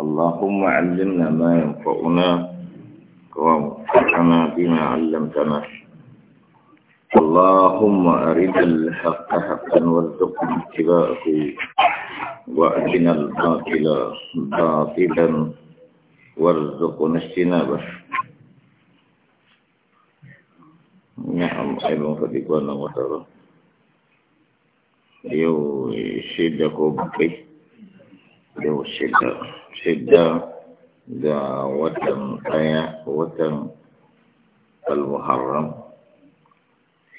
اللهم علمنا ما ينفعنا وانفعنا بما علمتنا اللهم أرنا الحق حقا وارزقنا اتباعه وأرنا الباطل باطلا وارزقنا اجتنابه نعم أيضا فديكونا وترى يو شدة كوبكي يو شدة shidda da watan ɗaya watan al-muharram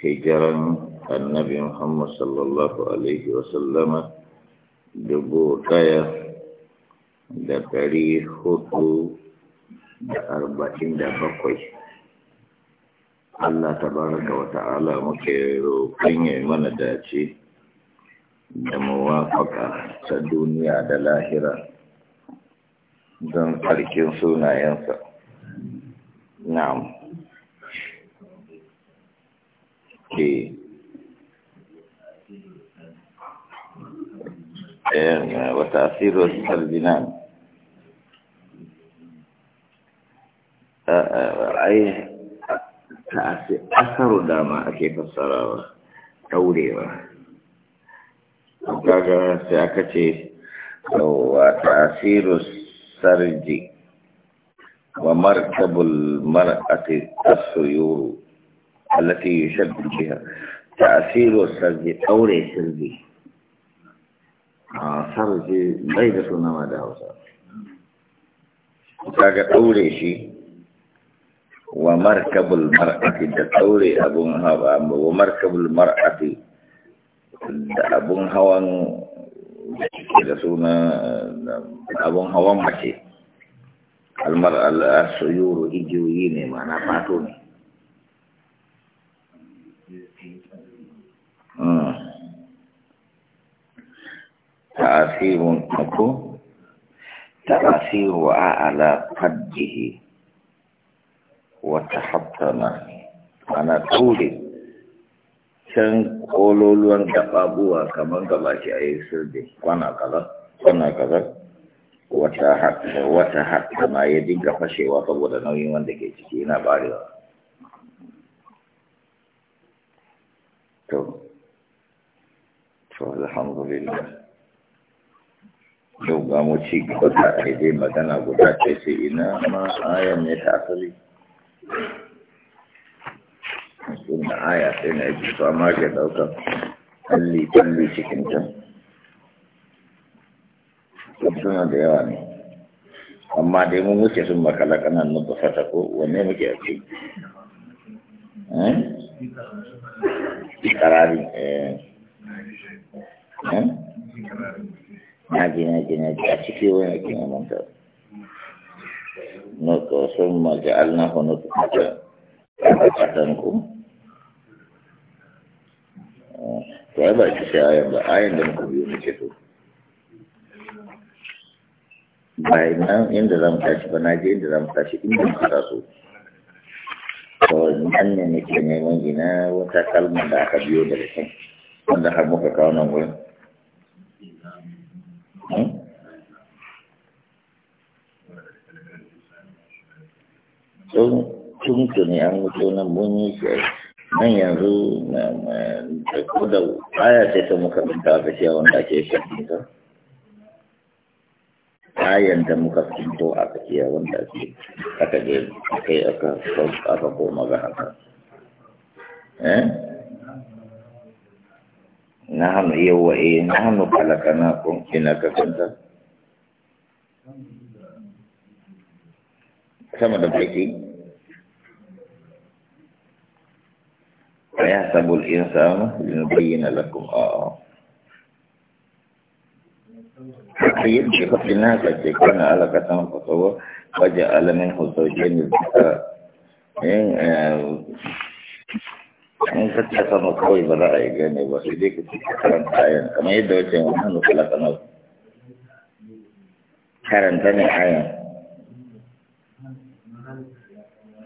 hijiran annabi muhammad sallallahu alaihi wasallama dubu ɗaya da ɗari hudu da arba'in da bakwai Allah tabaraka wa ta'ala muke roƙon ya mana dace da mawafaka ta duniya da lahira don tsarkin sunayensa na'am ke eh, wata asirar sardinan eh, eh, ai ta dama ake fassarawa sai aka ce wa tasirus السرج ومركب المرأة السيور التي يشد بها sarji السرج أولي سرجي sarji bai da suna ma da hausa kaga ɗaure shi wa markabul mar'ati da ɗaure abun hawa wa markabul mar'ati da abun hawan ke da suna abun hawan mace kalmar al'asuyuru igiyoyi ne mana fato ne hmm. ta'asirun ko ta'asiru ala faddihi wata hattama mana taurin can kololuwan gababuwa kamar gaba shi a yi sirdi kwana kaza kwana kaza wata hatta wata hatta ma ya dinga fashewa saboda nauyin wanda ke ciki yana barewa to to alhamdulillah yau ga mu ci gaba da magana guda ce sai ina ma ayan ne ta asali inda aya sai na yake su amma ɗaukar kalli-kalli cikin can suna da yawa ne amma dai mun wuce sun makala kanan na ba fata ko wanne muke a ce eh? karari eh. eh? na ji na ji na ji a ciki wani ake na nuka sun maji alnahu nuka fata fatan ku to ai ba ki sai ayan ba ayan da muka biyo muke so bai nan inda zamu tashi ba na je inda zamu tashi inda muka taso to nan ne nake neman ina wata kalmar da aka biyo daga can wanda har muka kawo nan wurin hmm? tun tuni an wuce nan mun yi shi nan yanzu ko da aya ce ta muka binta ta ce wanda ake shafi ta ayan da muka fito a tsakiya wanda ake aka je kai aka aka koma ga haka eh na hannu yawa eh na hannu kalaka na kun na ka kanta sama da baki أيحسب الإنسان لنبين لكم آه حين شفت الناس كان على كتم فطوة وجعل منه الزوجين الذكر in ka tafa ma kawai ba za a yi gane ba sai dai ka ci karanta ayan kamar yadda wace yin hannu kalaka na karanta ne ayan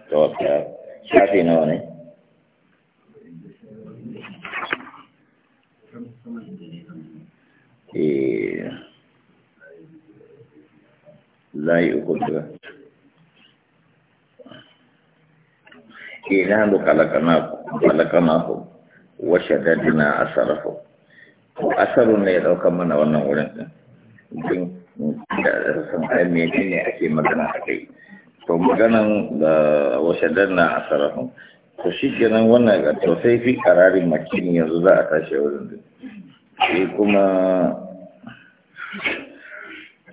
ta wata shafi nawa ne Eh, yi uku daga ina da eh, kalakana ku washe dadina asarafu asarun ne ya dauka mana wannan wurin din da san ayyami ne ake magana a kai to maganan da washe dadina asarafu to shi kenan wannan to sai fi kararin makini yanzu za a tashi wurin din kuma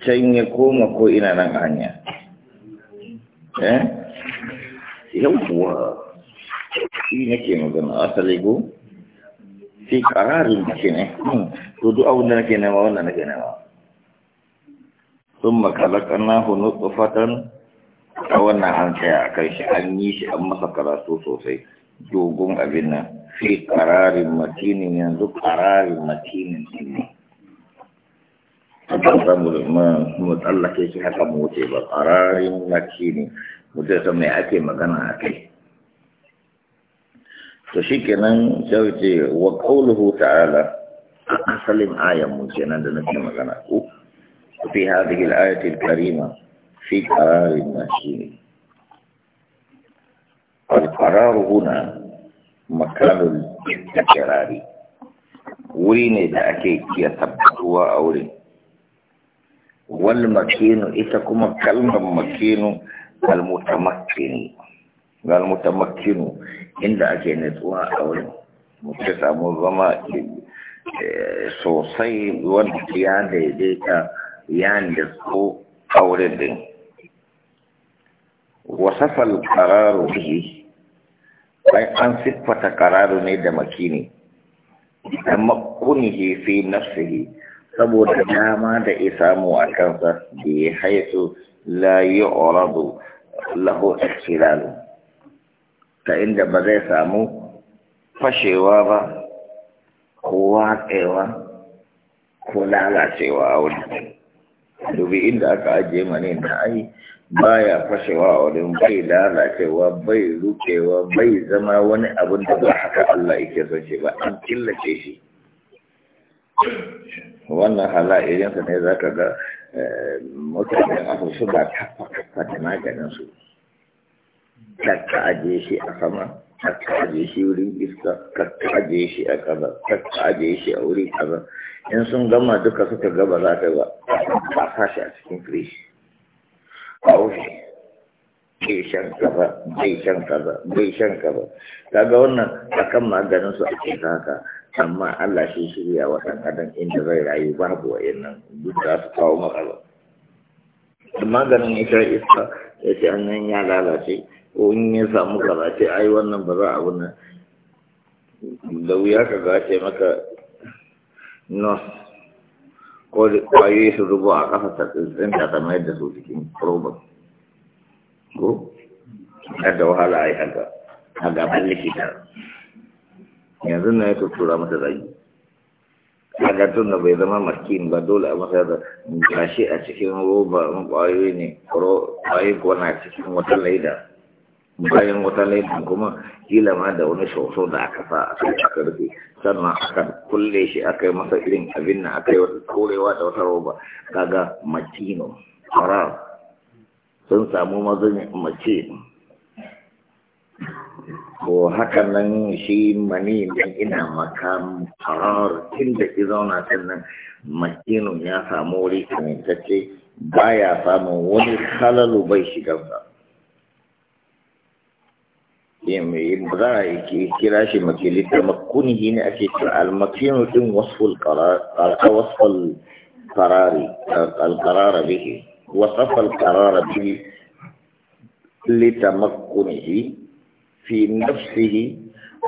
can ya koma ko ina nan hanya eh yawwa shi nake magana asali go fi kararin da ke ne hmm. to duk abin da nake ma, wannan nake nema sun makalakar na hunu tsofatan a wannan an tsaya a kan shi an yi shi an masa karatu sosai dogon abin nan fi kararin matinin yanzu kararin matinin ne akan samu mutallake shi haka mu wuce ba ƙararin laki ne mutum san mai ake magana a kai to shi kenan sauce wa ƙauluhu ta'ala a asalin ayan mu kenan da nake magana ko fi hadhihi al-ayati al-karima fi qararin mashin al-qarar huna makanul istiqrari wuri ne da ake iya tabbatuwa a wurin wal makinu ita kuma kalmar makinu al-mutamakkini gal mutamakkinu inda ake natsuwa a wurin mutum samu zama eh, sosai wanda ya daidaita ya natsu a wurin din wasafal kararu ne, bai an siffata kararu ne da makini da makunihi fi nafsihi saboda dama da samu a kansa da ya haisu la yi oradu lahu ikiralu ta inda ba zai samu fashewa ba ko watsewa ko lalacewa a wani dubi inda aka ajiye mani na ai baya fashewa a wurin bai lalacewa bai rukewa bai zama wani abin da ba haka Allah yake son ba an killace shi wannan halayensa ne za ka ga eh, mutanen asu suna kafa kafa da maganinsu kakka aje shi a sama kakka aje shi wurin iska kakka aje shi a kaza kakka aje shi a wuri kaza in sun gama duka suka gaba za ta ba a shi a cikin firishi a wuce bai shan kaza bai shan kaza bai shan kaza kaga wannan a kan maganin su a cikin haka amma Allah shi shirya wa ɗan adam inda zai rayu babu nan, duk da su kawo matsala maganin ya ita iska ya ce an nan ya lalace ko in ya samu kaza ce ai wannan ba za a wannan da wuya ka gace maka nos ko da kwayoyi su rubu a kafa ta tsintsinta ta mayar da su cikin probot ko da wahala a yi haka a gaban likita yanzu na ya tuttura mata zai kaga tun da bai zama makin ba dole a masa da gashi a cikin roba ƙwayoyi ne ƙwayoyi kuwa na cikin wata laida bayan wata laida kuma kila ma da wani soso da aka sa a kan aka rufe sannan aka kulle shi aka yi masa irin abin na aka yi wata korewa da wata roba kaga makino harar sun samu mazan mace ko hakan nan shi mani dan ina maka farar tun da ki zauna sannan makinu ya samu wuri ba baya samun wani halalu bai shigarsa ba za a yi kira shi makili da makunihi ne ake cewa almakinu din wasful karari alkarara bihi وصف القرار به لتمكنه في نفسه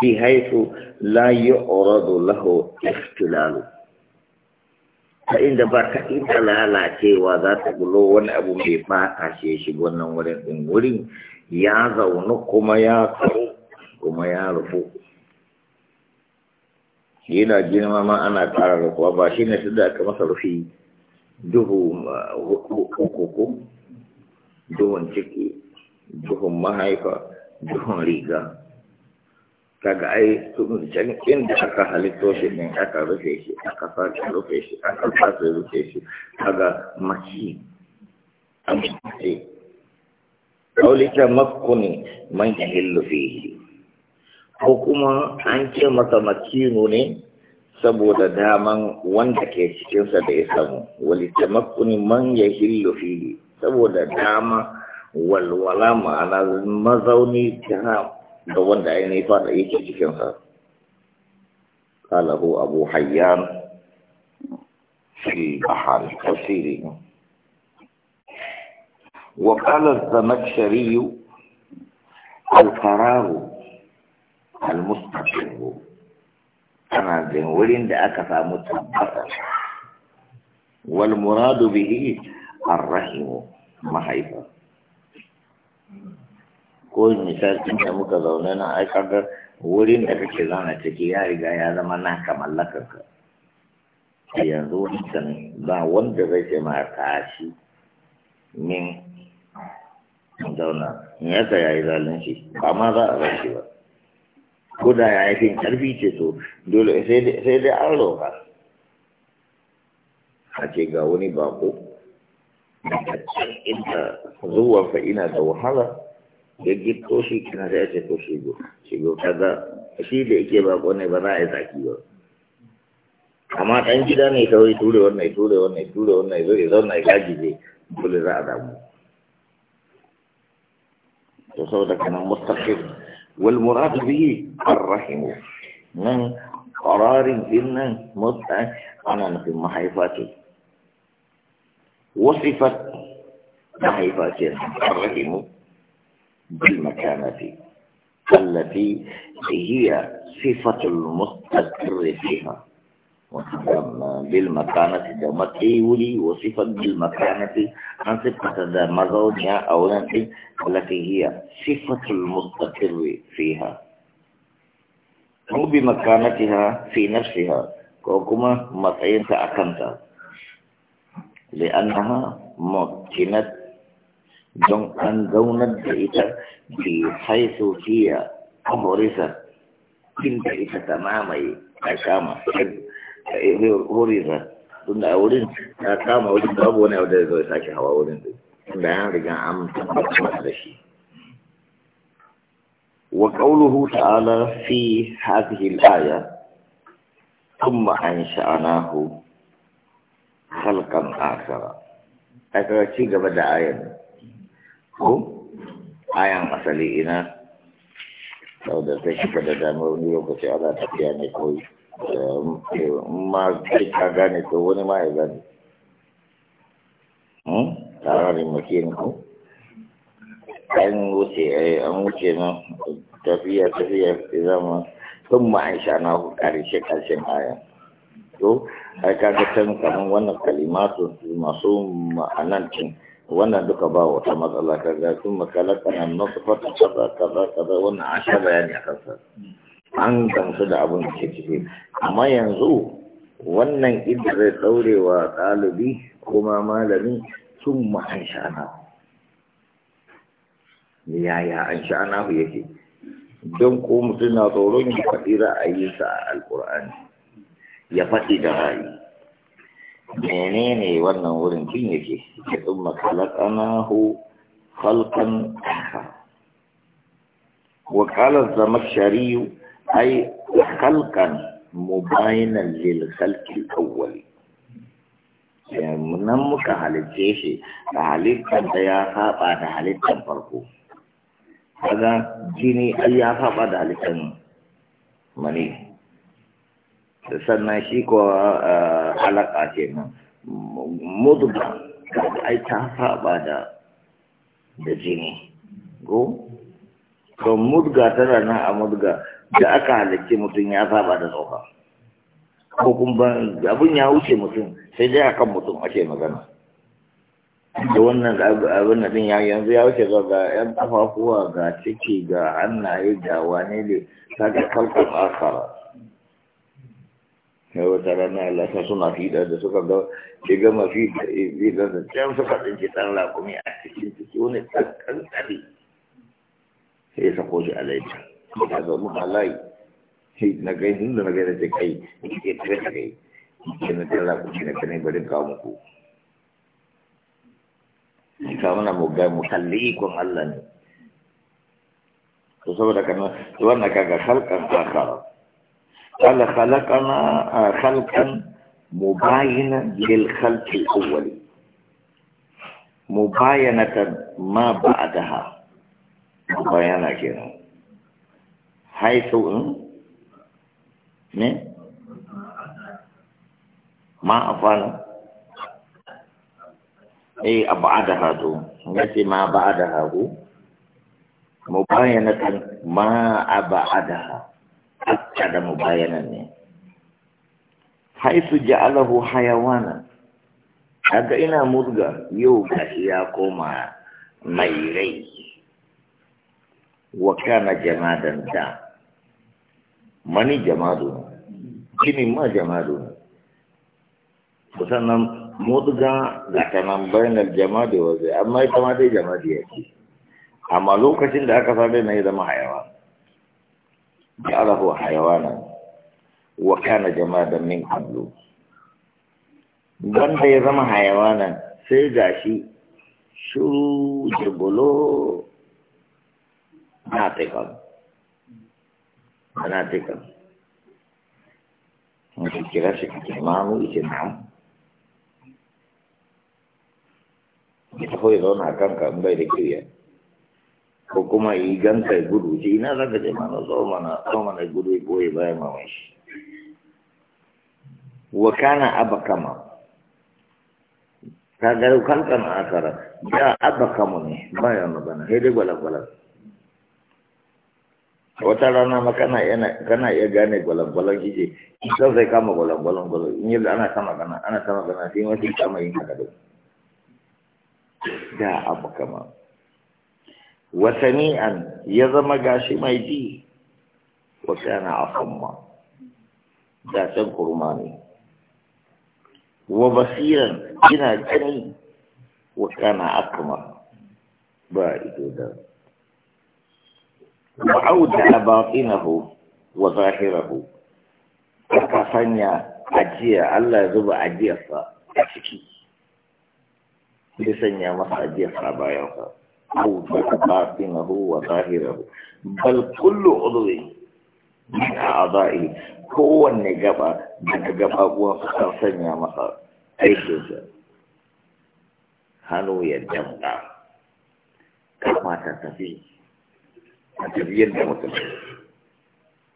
بحيث لا يعرض له اختلال فإن دبرت إن لا لا شيء وذات قلو وان أبو ميبا أشي شبونا ورين ورين يا زون كما يا كرو كما يا رفو هنا جنما ما أنا ƙara rufuwa ba shi ne su da duhu hukuku duhun ciki duhun mahaifa duhun riga kaga ai sun can inda aka halitto shi ne aka rufe shi aka fara rufe shi aka fara rufe shi kaga maki amince kaulita makuni man yahillu fihi ko kuma an ce maka makinu ne saboda daman wanda ke cikinsa da ya samu wali tamakkuni man ya hillu fili saboda dama walwala ma'ana mazauni ta da wanda ya nufa da yake cikinsa kalahu abu hayyan fi bahar tafsiri wa qala az-zamakhshari al-fararu al-mustaqim ana jin wurin da aka samu tabbata wal muradu bihi arrahimu mahaifa ko misalin da muka zaune na aikar wurin da kake zana ciki ya riga ya zama naka mallakarka a yanzu wancan ba wanda zai ce ma tashi min zauna in ya yi zalunci ba ma za a rashi ba ko da ya yi karfi ce to dole sai dai an roƙa a ce ga wani bako da can inda zuwansa ina da wahala da gito shi kina sai ya ce to shigo shigo kaga shi da yake bako ne ba za a yi zaki ba amma ɗan gida ne kawai ture wannan ture wannan ture wannan zai zauna ya gaji ne, dole za a damu to sau saboda kanan mustaqim والمراد به الرحم من قرار جنا متع أنا في محيفاتي وصفت محيفاتي الرحم بالمكانة التي هي صفة المستقر فيها بالمكانة ده ولي وصفة بالمكانة عن صفة ده مزوجها أو التي هي صفة المستقر فيها أو بمكانتها في نفسها كوكما مطعين تأكمتها لأنها ممكنة جون أن دونت إذا بحيث هي أبرزت كنت إذا تمامي أشامة wurin tun da wurin ya kama wurin babu wani da zai sake hawa wurin tun da ya riga an tabbatar da shi wa qawluhu ta'ala fi hadhihi al-aya thumma ansha'nahu khalqan akhar aka ci gaba da ayan ko ayan asali ina saboda sai kika da damar wani lokaci ana tafiya ne kawai ma zai ka gane ko wani ma ya gane tararin hmm? makin ku an wuce eh, an wuce nan tafiya tafiya zama sun ma'aisha na karshe karshen aya to ai kaga can kamar wannan kalimatu masu ma'anan cin wannan duka ba wata matsala kaga sun makalaka nan na su fata kaza kaza kaza wannan an sha bayani a kansa an gamsu da abin da ke ciki amma yanzu wannan idare daurewa ɗalibi kuma malami sun ma an sha'anahu yaya an sha'anahu yake don ko mutum na tsoron ya faɗi ra'ayinsa a alƙur'ani ya faɗi da ra'ayi menene wannan wurin tun yake ya tsumma kalakanahu halkan akhar wa qala az Shari'u. ai halkan mubainan lil khalqi awwali nan muka halicce shi da halittar da ya saba da halittar farko kaga jini ai ya da mani sannan shi ko halaka ce nan mudba ai ta saba da da jini go to mudga tana nan a mudga da aka halarci mutum ya saba da tsoka ko kuma abin ya wuce mutum sai dai akan mutum ake magana da wannan abin da ya yanzu ya wuce ga ga yan kafafuwa ga ciki ga hannaye ga wane ne ta ga kalkar akara yau wata rana lasa suna fiɗa da suka ga ke gama fiɗa fiɗa da can suka tsinci ɗan lakumi a cikin ciki wani ɗan ƙanƙari sai ya sako shi a laifin ya zaune a layi na gai sun da na gai da ce kai ke tare da kai ke na tara ku ne ka ne bari kawo muku ka mana mu ga mu kalli ikon Allah ne to saboda kana wannan kaga halkan akhara Allah khalaqana khalqan mubayinan lil khalq awwali mubayanatan ma ba'daha mubayana kenan Haisu haitu ne ma a afala eh abada hadu ngati ma da Mu hadu kan. ma a da abada akada mubayanan ne haitu ja'alahu hayawana kaga ina murga yau gashi ya koma mai rai wa kana jamadan da mani na kini ma kusan sannan mudga da ta nan bayanar jamadu zai amma ita ma dai jamadu ya ce amma lokacin da aka same na ya zama hayawa ya hayawa na wa kana da min qablu wanda ya zama hayawa na sai shi shuru jibulo na taikon fanatikan wanda kira shi kake mamu ike na'am ya taho ya zauna a kanka in bai da kiriya ko kuma yi ganka gudu ce ina za ka je mana zo mana zo mana gudu ya goye baya maman shi wa kana aba kama ka ga kankan akara da aba kama ne baya magana sai dai gwalagwalar wata rana ma kana kana iya gane gwalangwalan ije sai zai kama gwalangwalan gwalo in yi ana sama gana ana sama gana sai wasu kama yin haka da da abu kama wasani'an ya zama gashi mai ji wata yana asamma da can kurma ne wa basiran yana gani wa kana akamar ba ido da wa'auda batinahu wa zahirahu aka sanya ajiya Allah ya zuba ajiyarsa a ciki sai sanya masa ajiyarsa bayansa auda batinahu wa zahirahu bal kullu udwi min a'dha'i kowanne gaba daga gaba kuwa kan sanya masa aikinsa hannu ya damɗa kamata tafi a tafiyar da mutum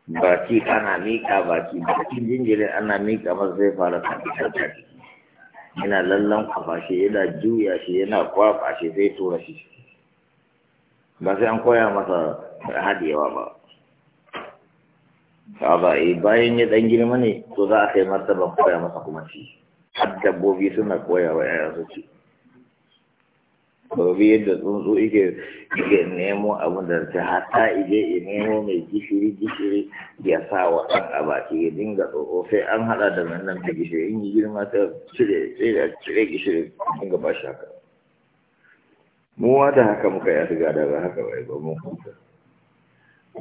baki ana miƙa baki bakin jingire ana miƙa masa zai fara tafiya da yana lallan kwafa shi yana juya shi yana kwafa shi zai tura shi ba sai an koya masa hadiyawa ba ba eh, bayan ya dan girma ne to za a kai martaba koya masa kuma ci har dabbobi suna koya wa 'ya'yansu ci gobe yadda tsuntsu ike ike nemo abin da ta hata ije ya nemo mai gishiri gishiri ya sa wa ɗan a baki ya dinga tsoro sai an haɗa da nan nan da gishiri in yi girma ta cire cire cire gishiri dinga ba shi haka mu wata da haka muka ya riga da haka bai ba mun huta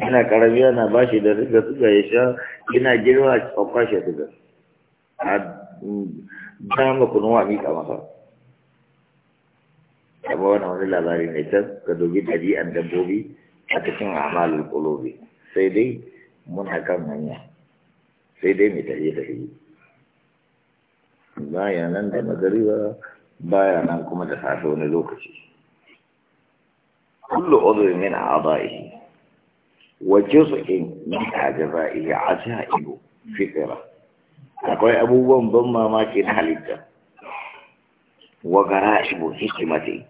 ina karami yana ba shi da riga suga ya sha ina girma a kwashe suga a mm, dama kunuwa mika masa ba wani wani labari mai can ka dubi an dabbobi a cikin amalin kulobi sai dai muna kan hanya sai dai mai tafiye tafiye baya nan da magariba baya nan kuma da safe wani lokaci kullu uzurin min a'dahi wa juz'in min ajza'ihi ajaibu tsira? akwai abubuwan ban mamaki na halitta وغرائب حكمته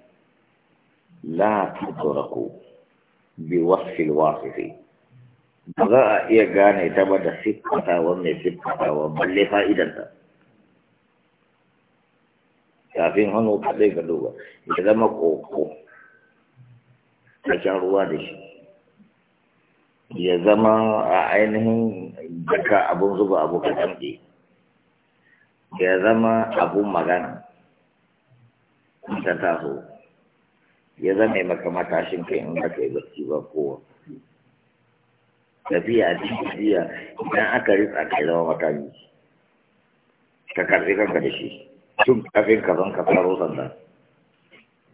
لا تدرك بوصف الواصف ba za a iya gane ta ba da siffatawa mai siffatawa balle fa'idanta kafin hannu kaɗai ga duba ya zama ƙoƙo cikin ruwa da ya zama a ainihin daga abun zuba abu ka ya zama abun magana ta taso ya zama maka matashin kai in aka yi barci ba kowa tafiya tafiya idan aka ritsa kai zama makami ka karfi kanka da shi tun kafin ka zan ka faro sanda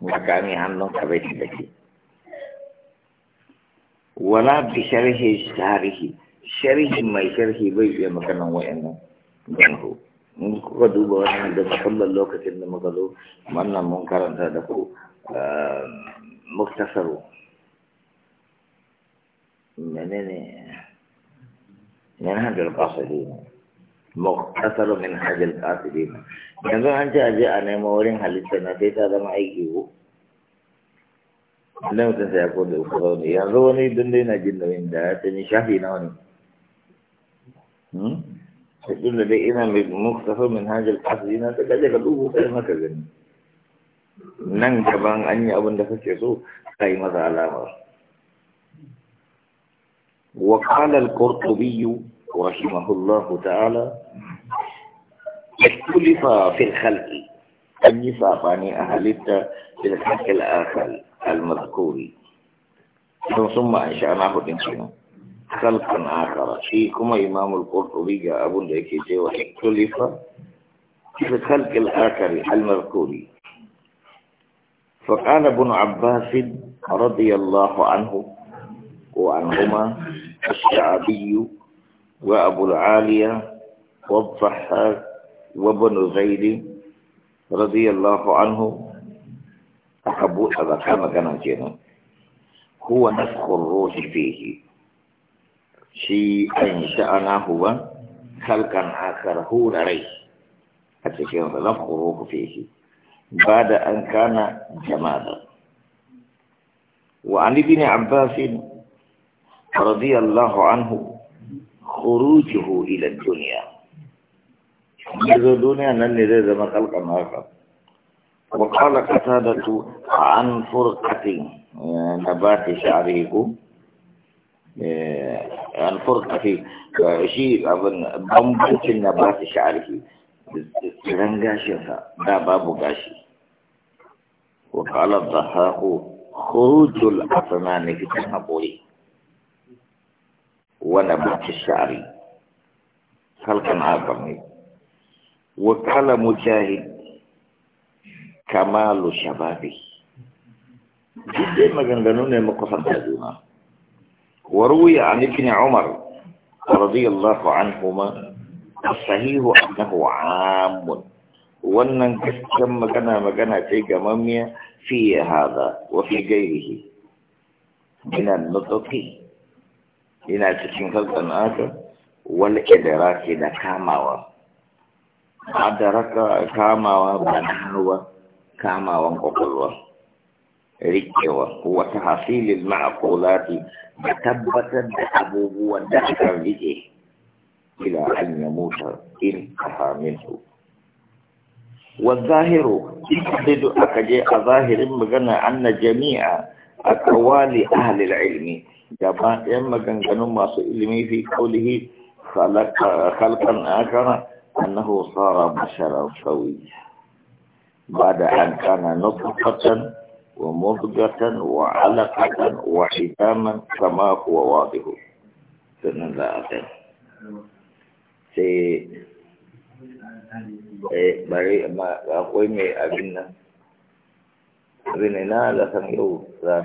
makami hannun ka bai da ke wala bi sharhi sharhi sharhi mai sharhi bai iya nan wa'annan ganho in kuka duba wannan da musamman lokacin da muka zo wannan mun karanta da ku eh, muktasaru menene min hajjal ne, muktasaru min hajjal ne. yanzu an ce aje a nemo wurin halitta na sai ta zama aiki ko Allah mutum sai ya kode ku zaune yanzu wani dundai na jin nauyin da ya tani shafi na wani إيه، الجملة دي إمام مختفى من هذا الحسدين تجد كدوه في المكان نان كبان أني أبن دفع شسو قيمة على وقال القرطبي رحمه الله تعالى اختلف في الخلق أن يفاقني أهلت في الخلق الآخر المذكور ثم ثم أنشأناه الإنسان خلقا آخر كما إمام القرطبي أبو لكي جوا اختلف في الخلق الآخر المذكور فقال ابن عباس رضي الله عنه وعنهما الشعبي وأبو العالية والضحاك وابن زيد رضي الله عنه أحبوا هذا كما كان هو نفخ الروح فيه shi an sha'ana huwa halkan akar hura rai a cikin zafuro ku feshi ba da an kana jama'a وعن ابن عباس رضي الله عنه خروجه إلى الدنيا منذ الدنيا لن يريد ما خلق آخر وقال قتادة عن فرقة نبات شعره Eh, alfurka fi shi abin bambancin na ba su sha'arki tsiran gashinsa da babu gashi wa kala da haku hurujul asana na fitan haƙori wanda ba su sha'ari halkan azami wa kala mujahid kamalu shababi duk maganganu ne makwasanta juna وروي عن ابن عمر رضي الله عنهما الصحيح أنه عام wannan gaskiyar magana magana ce gamammiya fi hada wa fi gairihi ina nutsuki ina cikin kalkan aka wal idraki da kamawa adaraka kamawa ba na hawa kamawan kwakwalwa ركوة هو تحصيل المعقولات يتبت بحبوب ودخل به إلى أن يموت انتهى منه والظاهر يحدد أكجاء ظاهر مغنى أن جميع أكوال أهل العلم جماعة مغنى جنوم واسو علمي في قوله خلق خلقا آخر أنه صار بشرا سويا بعد أن كان نطقة ومضجة وعلقة وحتاما كما هو واضح سنة لا أتن سي mai abin nan yau